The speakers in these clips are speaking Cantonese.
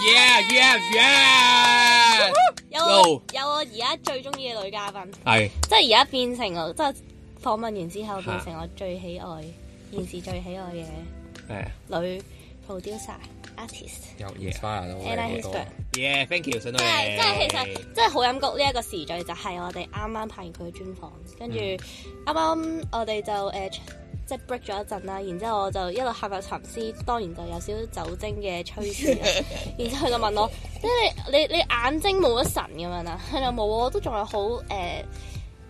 Yeah, yeah, yeah！有有我而家最中意嘅女嘉賓，係即係而家變成我，即係訪問完之後變成我最喜愛、現時最喜愛嘅女 producer、artist。有 yeah, thank you，真係即係，其實即係好音谷呢一個時序就係我哋啱啱拍完佢嘅專訪，跟住啱啱我哋就誒。即 break 咗一陣啦，然之後我就一路陷入沉思，當然就有少少酒精嘅吹勢。然之後佢就問我，即係你你你眼睛冇得神咁樣啊？佢就冇啊，我都仲係好誒，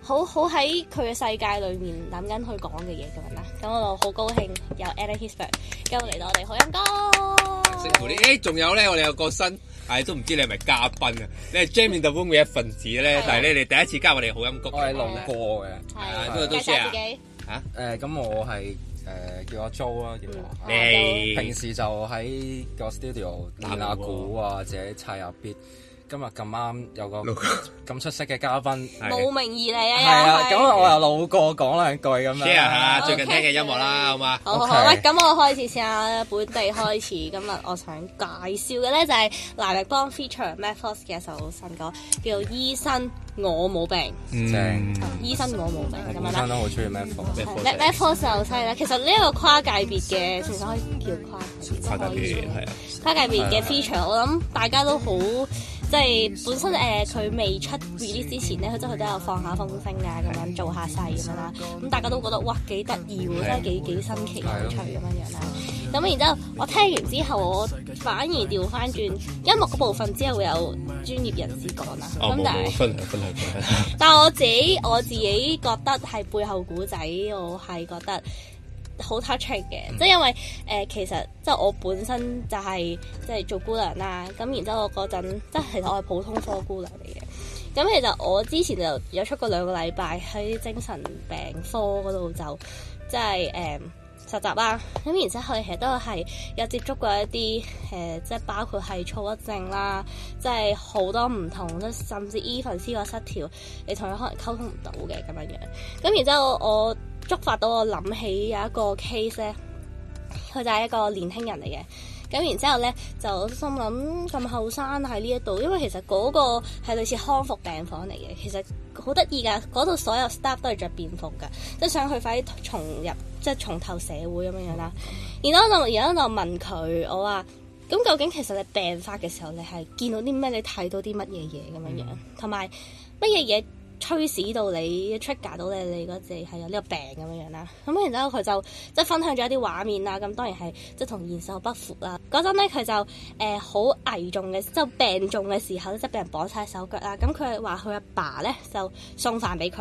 好好喺佢嘅世界裏面諗緊佢講嘅嘢咁樣啦。咁我就好高興有 Anna hisbbuR 今日嚟到我哋好音谷。辛苦你！仲有咧，我哋有個新，誒都唔知你係咪嘉賓啊？你係 Jamey Diamond 一份子咧，呢但係咧你第一次加我哋好音谷嘅。我係錄歌嘅，都都自己。誒咁、啊呃、我係誒、呃，叫阿 Joe 啊，叫、嗯啊、我平時就喺個 studio 練下鼓啊，或者砌下 bit。今日咁啱有個咁出色嘅嘉賓，慕名而嚟啊！係啊，咁我又老個講兩句咁樣。聽下最近聽嘅音樂啦，好嘛？好，好，好。咁我開始先啊，本地開始。今日我想介紹嘅咧就係藍奕邦 feature Matt Force 嘅一首新歌，叫《醫生我冇病》。正。醫生我冇病咁樣啦。我都好中意 Matt Force。Matt Force 又犀利。其實呢一個跨界別嘅，仲可以叫跨界。跨界別係。啊。跨界別嘅 feature，我諗大家都好。即係本身誒，佢、呃、未出 release 之前咧，佢真係都有放下風聲啊，咁樣做下勢咁樣啦。咁大家都覺得哇，幾得意喎，真係幾幾新奇有趣咁樣樣啦。咁然之後，我聽完之後，我反而調翻轉音樂部分之後，會有專業人士講啦。哦，冇冇是、哦、分唔分係 但係我自己我自己覺得係背後故仔，我係覺得。好 touch 嘅，即係因為誒、呃，其實即係我本身就係即係做姑娘啦，咁、啊、然之後我嗰陣即係其實我係普通科姑娘嚟嘅，咁、啊、其實我之前就有出過兩個禮拜喺精神病科嗰度就即係誒、嗯、實習啦，咁而且佢其實都係有接觸過一啲誒、呃，即係包括係躁鬱症啦、啊，即係好多唔同，即甚至依分思覺失調，你同佢可能溝通唔到嘅咁樣樣，咁、啊、然之後我。我觸發到我諗起有一個 case 咧，佢就係一個年輕人嚟嘅，咁然之後咧就心諗咁後生喺呢一度，因為其實嗰個係類似康復病房嚟嘅，其實好得意噶，嗰度所有 staff 都係着便服噶，即係想去快啲重入即係重投社會咁樣樣啦。然後我就然後我就問佢，我話：咁究竟其實你病發嘅時候，你係見到啲咩？你睇到啲乜嘢嘢咁樣樣，同埋乜嘢嘢？Hmm. 驅使到你 check 到你，你嗰隻係有呢個病咁樣樣啦。咁然之後佢就即係分享咗一啲畫面啦。咁當然係即係同現實不符啦。嗰陣咧佢就誒好、呃、危重嘅，即係病重嘅時候咧，即係被人綁晒手腳啊。咁佢話佢阿爸咧就送飯俾佢。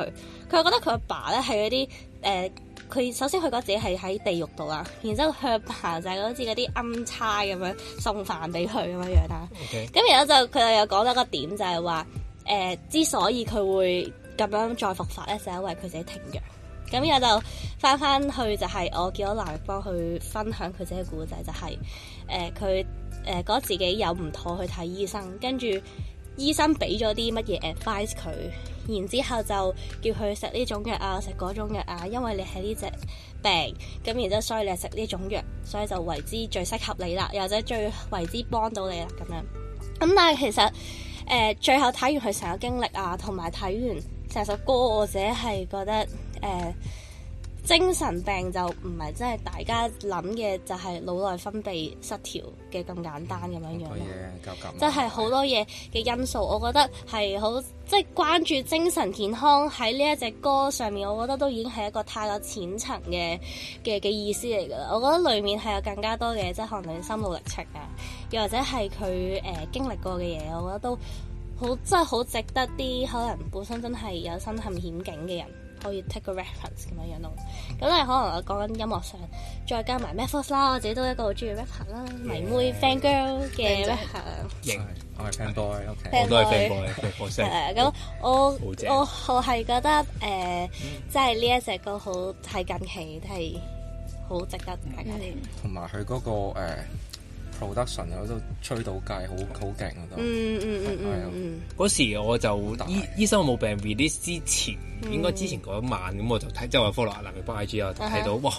佢覺得佢阿爸咧係嗰啲誒，佢、呃、首先佢覺得自己係喺地獄度啊。然之後佢阿爸，爸就係好似嗰啲陰差咁樣送飯俾佢咁樣樣啊。咁 Okay. 然之後就，佢又講咗個點就係、是、話。誒、呃，之所以佢會咁樣再復發咧，就係、是、因為佢自己停藥。咁、就是就是呃呃、然後就翻翻去，就係我叫到藍奕邦去分享佢自己嘅故仔，就係誒佢誒覺得自己有唔妥去睇醫生，跟住醫生俾咗啲乜嘢 advice 佢，然之後就叫佢食呢種藥啊，食嗰種藥啊，因為你係呢隻病，咁然之後所以你係食呢種藥，所以就為之最適合你啦，又或者最為之幫到你啦咁樣。咁、嗯、但係其實。誒、呃、最後睇完佢成個經歷啊，同埋睇完成首歌，或者係覺得誒。呃精神病就唔係真係大家諗嘅，就係腦內分泌失調嘅咁簡單咁 樣樣即係好多嘢嘅因素，我覺得係好 即係關注精神健康喺呢一隻歌上面，我覺得都已經係一個太過淺層嘅嘅嘅意思嚟噶。我覺得裡面係有更加多嘅，即係可能心路歷程啊，又或者係佢誒經歷過嘅嘢，我覺得都好真係好值得啲可能本身真係有身陷險境嘅人。可以 take 個 reference 咁樣樣咯，咁咧可能我講緊音樂上，再加埋 method 啦，我自己都一個好中意 rapper 啦，迷妹 fan girl 嘅 rapper，我係 fan boy，okay. 我都係 fan boy，fan boy。咁我 我我係覺得誒，即係呢一首歌好係近期都係好值得大家聽。同埋佢嗰個、呃做得順我都吹到街，好好勁啊！都嗯嗯嗯嗯，係啊！嗰時我就醫醫生我冇病 release 之前，應該之前嗰晚咁，我就睇即係我 follow 阿南嘅 blog IG 啊，睇到哇！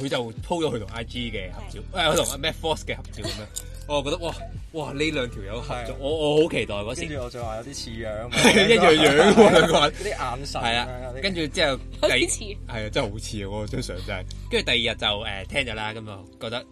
佢就 po 咗佢同 IG 嘅合照，誒，我同阿 Matt Force 嘅合照咁樣。我覺得哇哇呢兩條友合照我我好期待嗰時。跟住我仲話有啲似樣，一樣樣兩個人啲眼神。啊，跟住之後幾似。係啊，真係好似喎！張相真係。跟住第二日就誒聽咗啦，咁就覺得誒。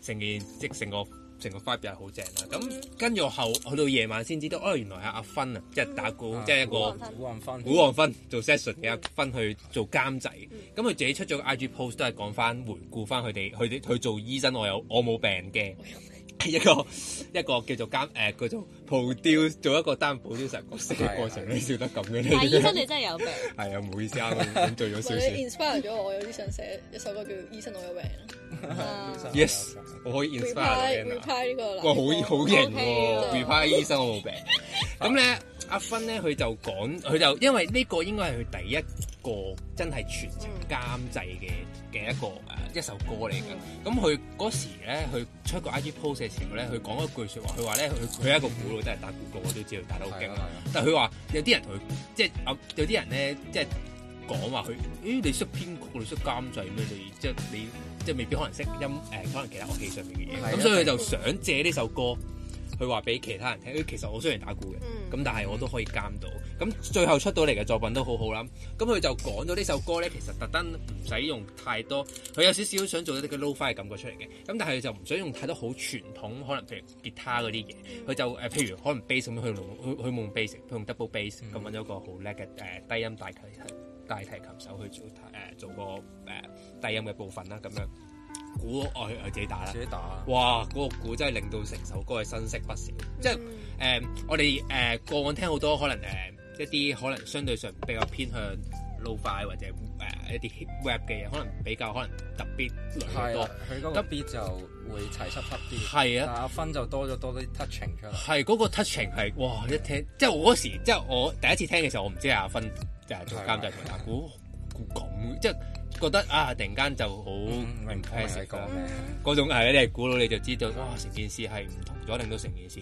成件即成個成個 five 係好正啦，咁跟住後去到夜晚先知道，哦原來阿阿芬啊，即係打鼓，嗯、即係一個古漢芬，古漢芬做 session 嘅、嗯、阿芬去做監製，咁佢、嗯、自己出咗個 IG post 都係講翻回顧翻佢哋，佢哋去做醫生我有我冇病嘅。嗯 一個一個叫做監誒，叫做 produce 做一個擔保，produce 成個寫過程都笑得咁嘅，係醫生你真係有病。係啊，唔好意思啱啱飲醉咗少少。你 inspire 咗我，有啲想寫一首歌叫《醫生我有病》。Yes，我可以 inspire Repay 呢個男，我好好型喎。Repay，醫生我冇病。咁咧。阿芬咧，佢就講，佢就因為呢個應該係佢第一個真係全程監製嘅嘅一個誒、呃、一首歌嚟嘅。咁佢嗰時咧，佢出個 IG post 嘅時候咧，佢講一句説話，佢話咧，佢佢係一個鼓佬，都係打鼓嘅，我都知道打得好勁。對對對，但係佢話有啲人同佢，即係有啲人咧，即係講話佢，咦、欸、你識編曲你識監製咩？你即係你即係未必可能識音誒、呃，可能其他樂器上面嘅嘢。咁對所以佢就想借呢首歌。佢話俾其他人聽，其實我雖然打鼓嘅，咁、嗯、但係我都可以監到。咁、嗯、最後出到嚟嘅作品都好好啦。咁佢就講咗呢首歌咧，其實特登唔使用太多，佢有少少想做一啲嘅 lo-fi 嘅感覺出嚟嘅。咁但係就唔想用太多好傳統，可能譬如吉他嗰啲嘢。佢、嗯、就誒、呃，譬如可能 bass, bass, bass 咁去、嗯、用去去用 bass，佢用 double bass 咁搵咗個好叻嘅誒低音大提大提琴手去做誒、呃、做個誒、呃、低音嘅部分啦，咁樣。鼓我我自己打啦，自己打！哇！嗰、那個鼓真係令到成首歌係新色不少，嗯、即係誒、呃、我哋誒過往聽好多可能誒、呃、一啲可能相對上比較偏向 lo-fi 或者誒、呃、一啲 hip hop 嘅嘢，可能比較可能特別多，個特別就會齊濕濕啲，係啊！阿芬就多咗多啲 touching 出嚟，係嗰、啊那個 touching 係哇！對一聽即係我嗰時即係我第一次聽嘅時候，我唔知阿芬誒做監製同阿鼓咁即係。對 覺得啊，突然間就好 impressive 嗰種係，你係估到你就知道，哇！成件事係唔同咗，令到成件事。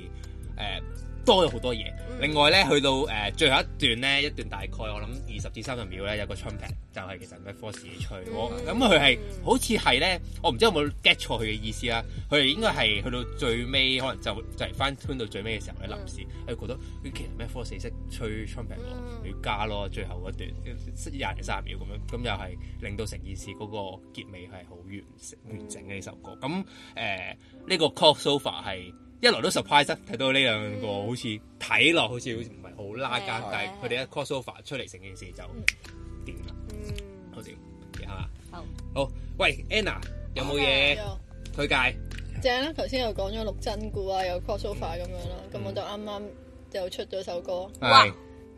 誒多咗好多嘢，另外咧去到誒、呃、最後一段咧，一段大概我諗二十至三十秒咧，有個 trumpet 就係其實 Matt Force 吹喎，咁佢係好似係咧，我唔、嗯嗯、知有冇 get 錯佢嘅意思啦，佢應該係去到最尾可能就就係翻 tune 到最尾嘅時候咧，臨時係覺得其實 Matt Force 係識吹 trumpet 喎，要加咯最後一段，廿零三十秒咁樣，咁又係令到成件事嗰個結尾係好完完整嘅呢、嗯、首歌，咁誒呢個 call sofa 係。一來都 surprise 睇到呢兩個好似睇落好似唔係好拉間，但係佢哋一 cross over 出嚟，成件事就掂啦，好掂係嘛？好，喂 Anna 有冇嘢推介？正啦，頭先又講咗六真故啊，又 cross over 咁樣啦，咁我就啱啱又出咗首歌，係啱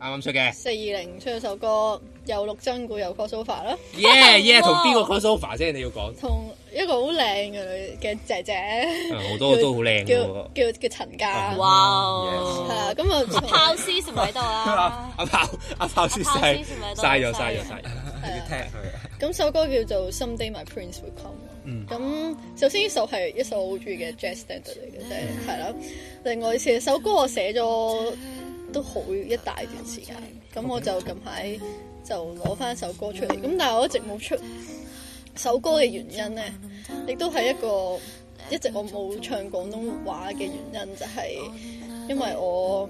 啱出嘅，四二零出咗首歌，又六真故又 cross over 啦耶耶，同邊個 cross over 先？你要講同？一個好靚嘅女嘅姐姐，好多都好靚嘅，叫叫叫陳嘉，哇，係啦，咁啊，阿炮詩仲喺度啦，阿炮阿炮詩晒晒咗晒咗晒咗，要聽佢。咁首歌叫做 Someday My Prince Will Come，咁首先呢首係一首好中意嘅 jazz standard 嚟嘅，啫。係啦，另外其實首歌我寫咗都好一大段時間，咁我就近排就攞翻首歌出嚟，咁但係我一直冇出。首歌嘅原因咧，亦都係一個一直我冇唱廣東話嘅原因，就是，就係因為我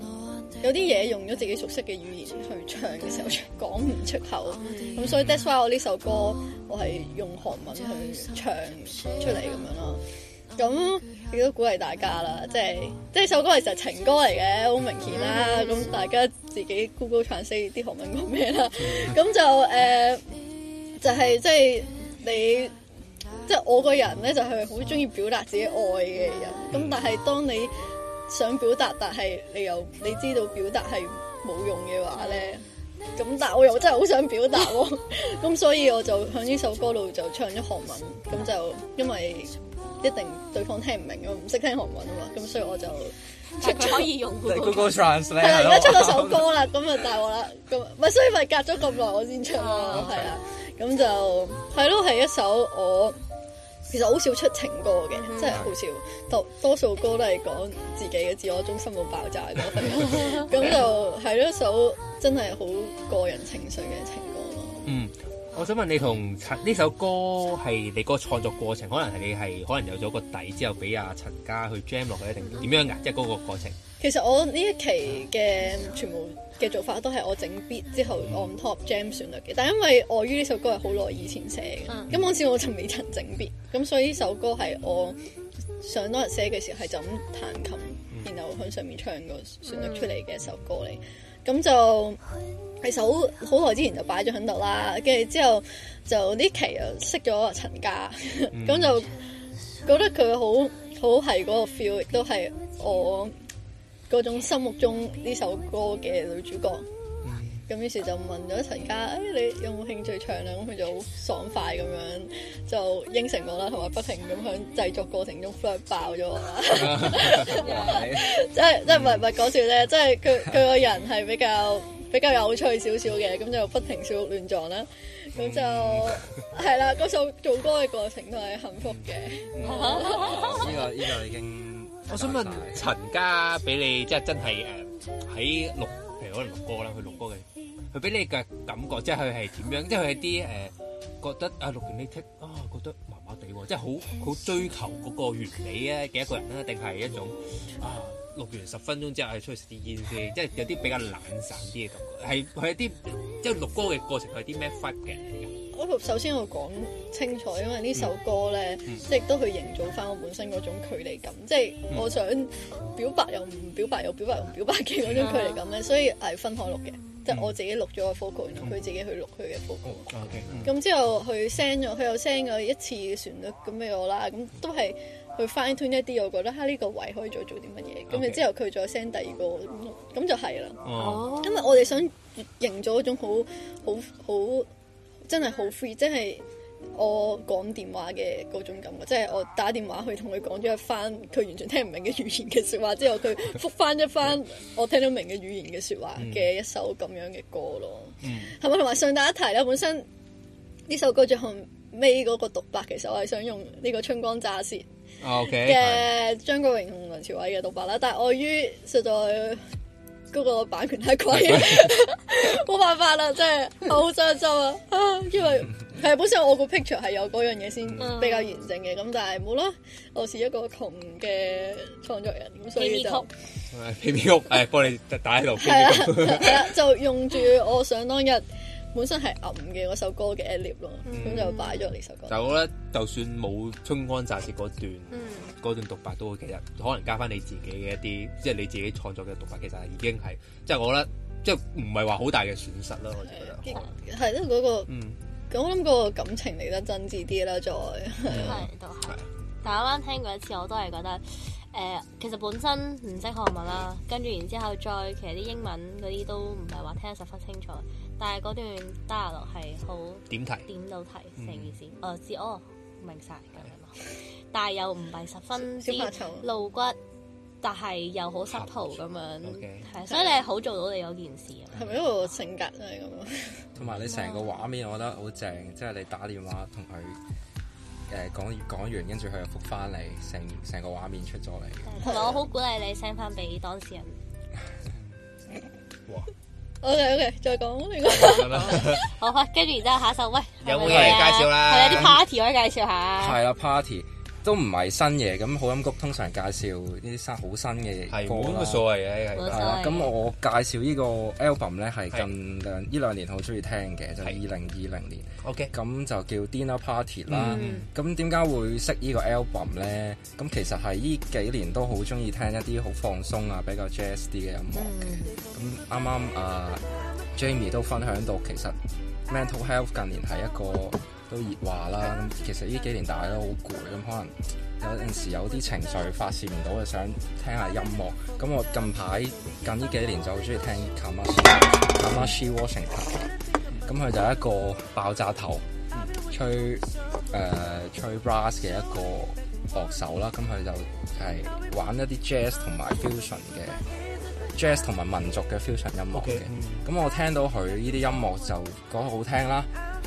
有啲嘢用咗自己熟悉嘅語言去唱嘅時候，講唔出口，咁、mm. 嗯、所以 that's why 我呢首歌我係用韓文去唱出嚟咁樣咯。咁亦都鼓勵大家啦，即係即係首歌其實情歌嚟嘅，好明顯啦。咁大家自己 Google translate 啲韓文講咩啦。咁就誒，就係、uh, 就是、即係。你即係我個人咧，就係好中意表達自己愛嘅人。咁、嗯、但係當你想表達，但係你又你知道表達係冇用嘅話咧，咁、嗯、但係我又真係好想表達、哦，咁 所以我就喺呢首歌度就唱咗韓文。咁、嗯、就因為一定對方聽唔明，我唔識聽韓文啊嘛。咁所以我就出咗而用係啊，而家出咗首歌啦，咁就大鑊啦，咁咪所以咪隔咗咁耐我先唱咯，係啊。咁就係咯，係一首我其實好少出情歌嘅，即係好少，多多數歌都係講自己嘅自我中心冇爆炸咁樣，咁 就係一首真係好個人情緒嘅情歌咯。嗯、mm。Hmm. 我想問你同陳呢首歌係你個創作過程，可能係你係可能有咗個底之後，俾阿陳家去 jam 落去一定點樣㗎？即係嗰個過程。其實我呢一期嘅全部嘅做法都係我整 beat 之後、嗯、on top jam 旋律嘅，但因為我於呢首歌係好耐以前寫嘅，咁嗰時我就未曾整 beat，咁所以呢首歌係我上多日寫嘅時候係就咁彈琴，然後喺上面唱個旋律出嚟嘅一首歌嚟，咁就。其首好耐之前就擺咗喺度啦，跟住之後就呢期又識咗阿陳家，咁、mm hmm. 就覺得佢好好係嗰個 feel，亦都係我嗰種心目中呢首歌嘅女主角。咁於、mm hmm. 是就問咗陳家：，誒、hey,，你有冇興趣唱啊？咁佢就好爽快咁樣就應承我啦，同埋不停咁響製作過程中 fly 爆咗我啦。即係即係唔係唔係講笑啫， 即係佢佢個人係比較。比較有趣少少嘅，咁就不停小鹿亂撞啦，咁就係啦。嗰首做歌嘅過程都係幸福嘅。呢個呢個已經，我想問陳家俾你即係真係誒喺錄，譬如可能錄歌啦，佢錄歌嘅，佢俾你嘅感覺即係佢係點樣？即係啲誒覺得啊，錄完你聽啊，覺得麻麻地喎，即係好好追求嗰個完美啊嘅一個人啦，定係一種啊？錄完十分鐘之後，係出去食啲煙先，即係有啲比較懶散啲嘅感覺。係佢一啲即係錄歌嘅過程係啲咩 vibe 嘅？我首先我講清楚，因為呢首歌咧，即係、嗯嗯、都去營造翻我本身嗰種距離感，即、就、係、是、我想表白又唔表白又表白又唔表白嘅嗰種距離感咧。所以係分開錄嘅，即、就、係、是、我自己錄咗個 focal 然後佢自己去錄佢嘅 focal。咁之、嗯嗯嗯嗯嗯、後佢 send 咗，佢又 send 咗一次旋律咁俾我啦。咁都係。去 fine tune 一啲，我覺得哈呢個位可以再做啲乜嘢。咁 Okay. 然之後佢再 send 第二個咁，咁就係啦。因為、oh. 我哋想營造一種好好好真係好 free，即係我講電話嘅嗰種感覺，即係我打電話去同佢講咗一翻，佢完全聽唔明嘅語言嘅説話之後，佢復翻一翻我聽到明嘅語言嘅説話嘅一首咁樣嘅歌咯。係咪同埋上第一題咧？本身呢首歌最後尾嗰個獨白，其實我係想用呢個春光乍泄。ok 嘅張國榮同梁朝偉嘅獨白啦，但係礙於實在嗰個版權太貴，ah，冇辦法啦，真係好心心啊！啊、mm, um, uh，因為係本身我個 picture 係有嗰樣嘢先比較完整嘅，咁但係冇啦，我是一個窮嘅創作人，咁所以就皮皮屋，誒，幫你打喺度。係啦，就用住我想當日。本身係暗嘅嗰首歌嘅 e t i b 咯，咁就擺咗呢首歌。但我覺得，就算冇春光乍泄嗰段，嗰段獨白都好嘅。其實可能加翻你自己嘅一啲，即係你自己創作嘅獨白，其實係已經係即係我覺得即係唔係話好大嘅損失咯。我就覺得係啦，嗰個嗯咁我諗嗰個感情嚟得真摯啲啦。再係都係，但啱啱聽過一次，我都係覺得誒，其實本身唔識漢文啦，跟住然之後再其實啲英文嗰啲都唔係話聽得十分清楚。但係嗰段 download 係好點睇，點到睇成件事，我知哦，明晒咁樣。但係又唔係十分之露骨，但係又好濕泡咁樣。所以你係好做到你嗰件事啊？係咪因為個性格係咁啊？同埋你成個畫面我覺得好正，即係你打電話同佢誒講講完，跟住佢又復翻嚟，成成個畫面出咗嚟。同埋我好鼓勵你 send 翻俾當事人。哇！O K O K，再講呢個， 好啦，跟住然之後下一首，喂，有冇嘢介紹啦？係啊，啲 party 可以介紹下，係啦 party。都唔係新嘢，咁好音谷通常介紹呢啲新好新嘅歌啦。冇乜所謂嘅，係啦。咁、啊嗯、我介紹呢個 album 咧，係近兩呢兩年好中意聽嘅，就係二零二零年。OK 是。咁就叫 Dinner Party 啦。咁點解會識個呢個 album 咧？咁其實係呢幾年都好中意聽一啲好放鬆啊，比較 jazz 啲嘅音樂嘅。咁啱啱啊，Jamie 都分享到，其實 mental health 近年係一個。都熱話啦，咁其實呢幾年大家都好攰，咁、嗯、可能有陣時有啲情緒發泄唔到，就想聽下音樂。咁我近排近呢幾年就好中意聽 Kamasi Washington。咁佢就係一個爆炸頭，嗯、吹誒、呃、吹 brass 嘅一個樂手啦。咁佢就係玩一啲 jazz 同埋 fusion 嘅 jazz 同埋民族嘅 fusion 音樂嘅。咁 Okay. 我聽到佢呢啲音樂就講好聽啦。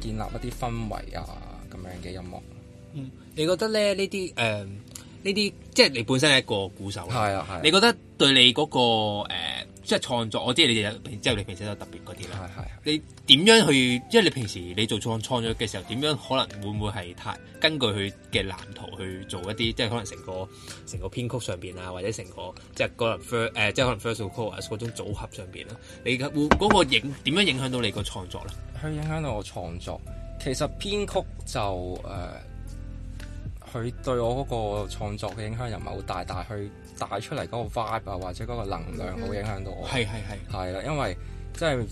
建立一啲氛圍啊，咁樣嘅音樂。嗯，你覺得咧呢啲誒呢啲，即係你本身係一個鼓手，係啊係。啊你覺得對你嗰、嗰個誒？呃即係創作，我知你哋，然之後你平時都有特別嗰啲啦。係係。你點樣去？即係你平時你做創創作嘅時候，點樣可能會唔會係太根據佢嘅藍圖去做一啲，即係可能成個成個編曲上邊啊，或者成個即係可能 first 誒，即係可能 first chorus 嗰種組合上邊啦。你會嗰、嗰個影點樣影響到你個創作咧？佢影響到我創作。其實編曲就誒，佢、呃、對我嗰個創作嘅影響又唔係好大，但係去，帶出嚟嗰個 vibe 啊，或者嗰個能量好影響到我。係係係。係啦的，因為即係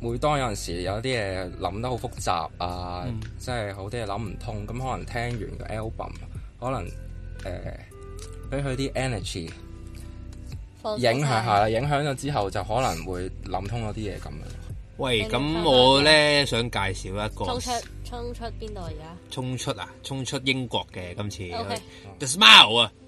每當有陣時有啲嘢諗得好複雜，嗯、啊，即係好啲嘢諗唔通，咁可能聽完個 album，可能誒俾佢啲 energy 影響下啦，影響咗之後就可能會諗通咗啲嘢咁樣。喂，咁我咧想介紹一個衝出衝出邊度而家？衝出啊，衝出英國嘅今次。Okay. The Smile 啊。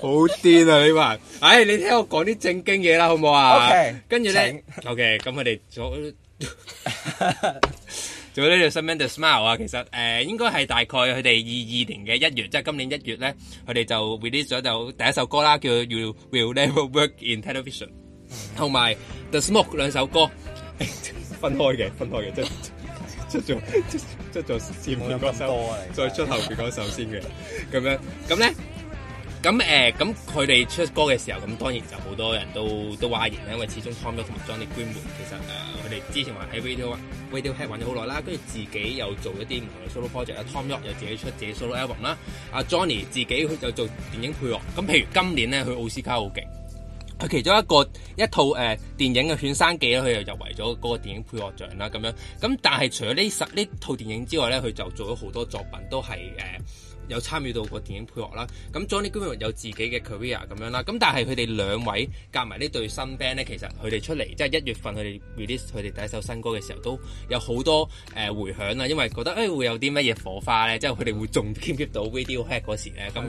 好癲啊！你話，哎，你聽我講啲正經嘢啦，好唔好啊？跟住咧，OK，咁佢哋做做呢條《Smile》啊，其實誒，應該係大概佢哋二二年嘅一月，即係今年一月咧，佢哋就 release 咗就第一首歌啦，叫《You Will Never Work in Television》，同埋《The Smoke》兩首歌分開嘅，分開嘅，即係出咗即係出咗前半嗰首，再出後邊嗰首先嘅，咁樣咁咧。咁誒，咁佢哋出歌嘅時候，咁當然就好多人都都嘩然咧，因為始終 Thom Yorke 同埋 Jonny Greenwood，其實誒佢哋之前話喺 Radio，Radiohead 玩咗好耐啦，跟住自己又做一啲唔同嘅 Solo project 啦，Thom Yorke 又自己出自己 Solo album 啦，阿 Jonny 自己又做電影配樂，咁譬如今年咧佢奧斯卡好勁，佢其中一個一套誒電影嘅《犬生記》咧，佢又入圍咗嗰個電影配樂獎啦，咁樣，咁但係除咗呢 set 呢套電影之外咧，佢就做咗好多作品，都係誒。呃有參與到個電影配樂啦，咁 Johnny Greenwood 有自己嘅 career 咁樣啦，咁但係佢哋兩位夾埋呢對新 band 咧，其實佢哋出嚟即係一月份佢哋 release 佢哋第一首新歌嘅時候，都有好多誒、呃、迴響啦，因為覺得誒、哎、會有啲乜嘢火花咧，即係佢哋會仲 keep 到 Radiohead 嗰時咧，咁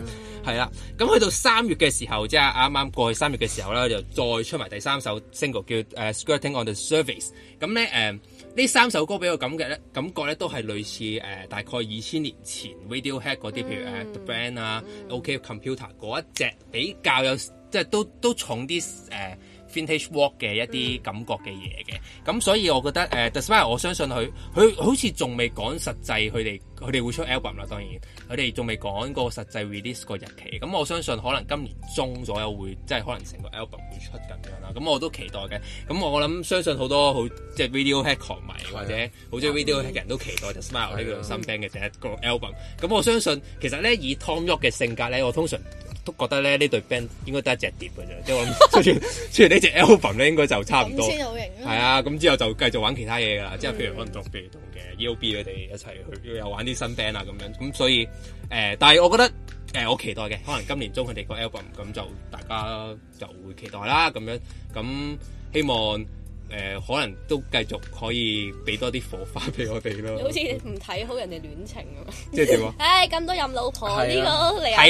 係啦，咁去 到三月嘅時候，即係啱啱過去三月嘅時候啦，就再出埋第三首 single 叫誒 Skirting On The Surface，咁咧誒。呃呢三首歌俾我感覺咧，感覺咧都係類似誒、呃，大概二千年前 Radiohead 嗰啲，嗯、譬如誒、uh, The Bends 啊，OK Computer 嗰、嗯、一隻比較有，即係都都重啲誒。呃 Vintage Walk 嘅一啲感覺嘅嘢嘅，咁所以我覺得誒、uh, The Smile 我相信佢佢好似仲未講實際佢哋佢哋會出 album 啦，當然佢哋仲未講過實際 release 個日期，咁我相信可能今年中左右會即係可能成個 album 會出咁樣啦，咁我都期待嘅，咁我我諗相信好多好即係 Radiohead 狂迷或者好中意 Radiohead 人都期待 The Smile 呢個新 band 嘅第一個 album，咁我相信其實咧以 Thom Yorke 嘅性格咧，我通常，都覺得咧呢對隊 band 應該得一隻碟嘅啫，即係 我諗，雖然雖然呢隻 album 咧應該就差唔多，先有型，係 啊，咁之後就繼續玩其他嘢噶啦，即係譬如可能做譬如同嘅 E O B 佢哋一齊去又有玩啲新 band 啊咁樣，咁所以誒、呃，但係我覺得誒、呃、我期待嘅，可能今年中佢哋個 album 咁就大家就會期待啦，咁樣咁希望。誒，可能都繼續可以俾多啲火花俾我哋咯。好似唔睇好人哋戀情咁，即係點啊？唉，咁多任老婆呢個嚟啊，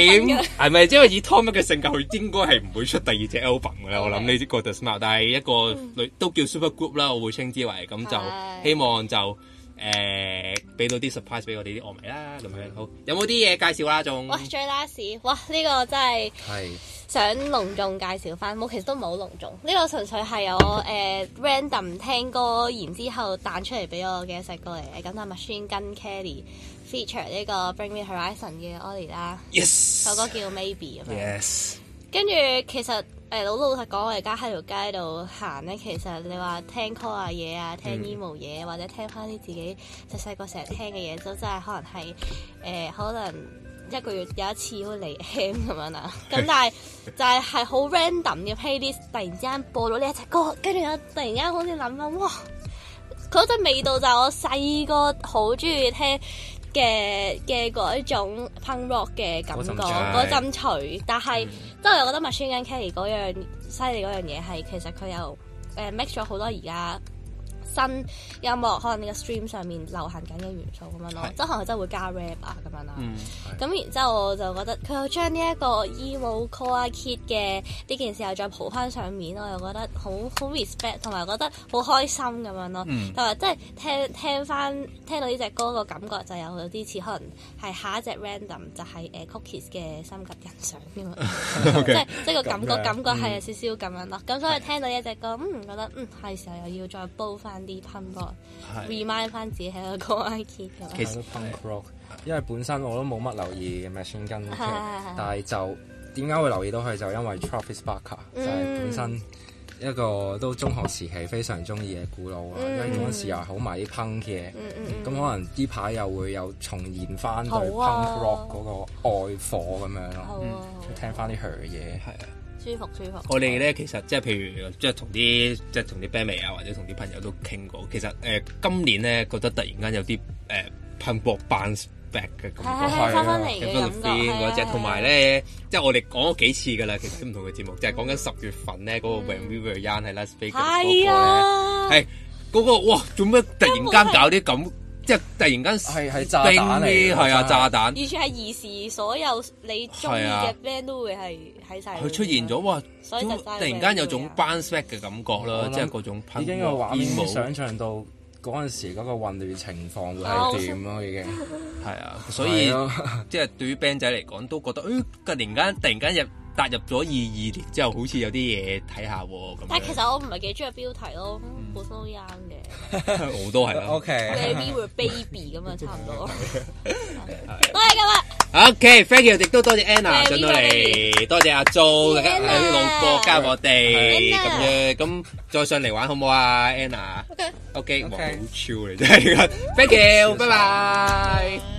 係咪？即係以 Tom 嘅性格，佢應該係唔會出第二隻 album 嘅。我諗呢一個 Smile，但係一個女都叫 super group 啦。我會稱之為咁就希望就誒俾到啲 surprise 俾我哋啲樂迷啦咁樣。好，有冇啲嘢介紹啦？仲哇，最 last，哇呢個真係係。想隆重介紹翻，冇其實都唔係好隆重。呢、這個純粹係我誒、呃、random 聽歌，然之後彈出嚟俾我嘅細 個嚟。咁 Machine Gun Kelly feature 呢個 Bring Me Horizon 嘅 Oli 啦。Yes。首歌叫 Maybe 咁樣 Yes.。Yes。跟住其實誒老、呃、老實實講，我而家喺條街度行咧，其實你話聽歌啊嘢啊，聽 emo 嘢，嗯、或者聽翻啲自己細細個成日聽嘅嘢，都真係可能係誒、呃、可能。一個月有一次要嚟 M 咁樣啦，咁但係就係係好 random 嘅。Hey 突然之間播咗呢一隻歌，跟住我突然間好似諗翻，哇！嗰陣味道就我細個好中意聽嘅嘅嗰一種 punk rock 嘅感覺，嗰陣鋭。但係都係我覺得 Machine Gun Kelly 嗰樣犀利嗰樣嘢係其實佢又誒 mix 咗好多而家。新音樂可能呢個 stream 上面流行緊嘅元素咁樣咯，即可能真係會加 rap 啊咁樣啦。咁然之後我就覺得佢又將呢一個 emo core kid 嘅呢件事又再抱翻上面，我又覺得好好 respect，同埋覺得好開心咁樣咯。同埋即係聽聽翻聽到呢隻歌個感覺就有啲似可能係下一隻 random 就係誒 cookies 嘅心急人上咁啊，即係即係個感覺感覺係有少少咁樣咯。咁所以聽到呢隻歌，嗯覺得嗯係時候又要再煲翻。啲 punk rock remind 翻自己喺個 icon 其實 punk rock，因為本身我都冇乜留意嘅，machine gun 嘅，但係就點解會留意到佢？就因為 Travis Barker 就係本身一個都中學時期非常中意嘅鼓佬啊，因為嗰陣時又好迷 punk 嘅，咁可能依排又會有重現翻對 punk rock 嗰個愛火咁樣咯，聽翻啲佢嘅嘢係啊。舒服舒服。舒服，我哋咧其實即係譬如即係同啲即係同啲 bandmate 啊，或者同啲朋友都傾過。其實誒、呃、今年咧覺得突然間有啲誒蓬、呃、勃 bounce back 嘅感覺係啊。翻翻嚟，嗰隻同埋咧即係我哋講咗幾次噶啦。其實唔同嘅節目、嗯、就係講緊十月份咧嗰、那個 When We Were Young last weekend 哇，做咩突然間搞啲咁？ 即係突然間係係炸彈嚟，係啊炸彈！完全係兒時所有你中意嘅 band 都會係喺晒。佢出現咗哇！咁突然間有種 bang 嘅感覺啦，即係嗰種已經冇想象到嗰陣時嗰個混亂情況會係點咯嘅。係啊，所以即係對於 band 仔嚟講，都覺得誒，突然間突然間入踏入咗二二年之後，好似有啲嘢睇下喎咁。但係其實我唔係幾中意標題咯。好多啱嘅，我都係啦。OK，Baby with Baby 咁啊，差唔多。我係咁啊。OK，Thank you，亦都多謝 Anna 上到嚟，多謝阿 Jo，大家路過加我哋咁樣，咁再上嚟玩好唔好啊？Anna。OK，OK，好超你，Thank you，拜拜。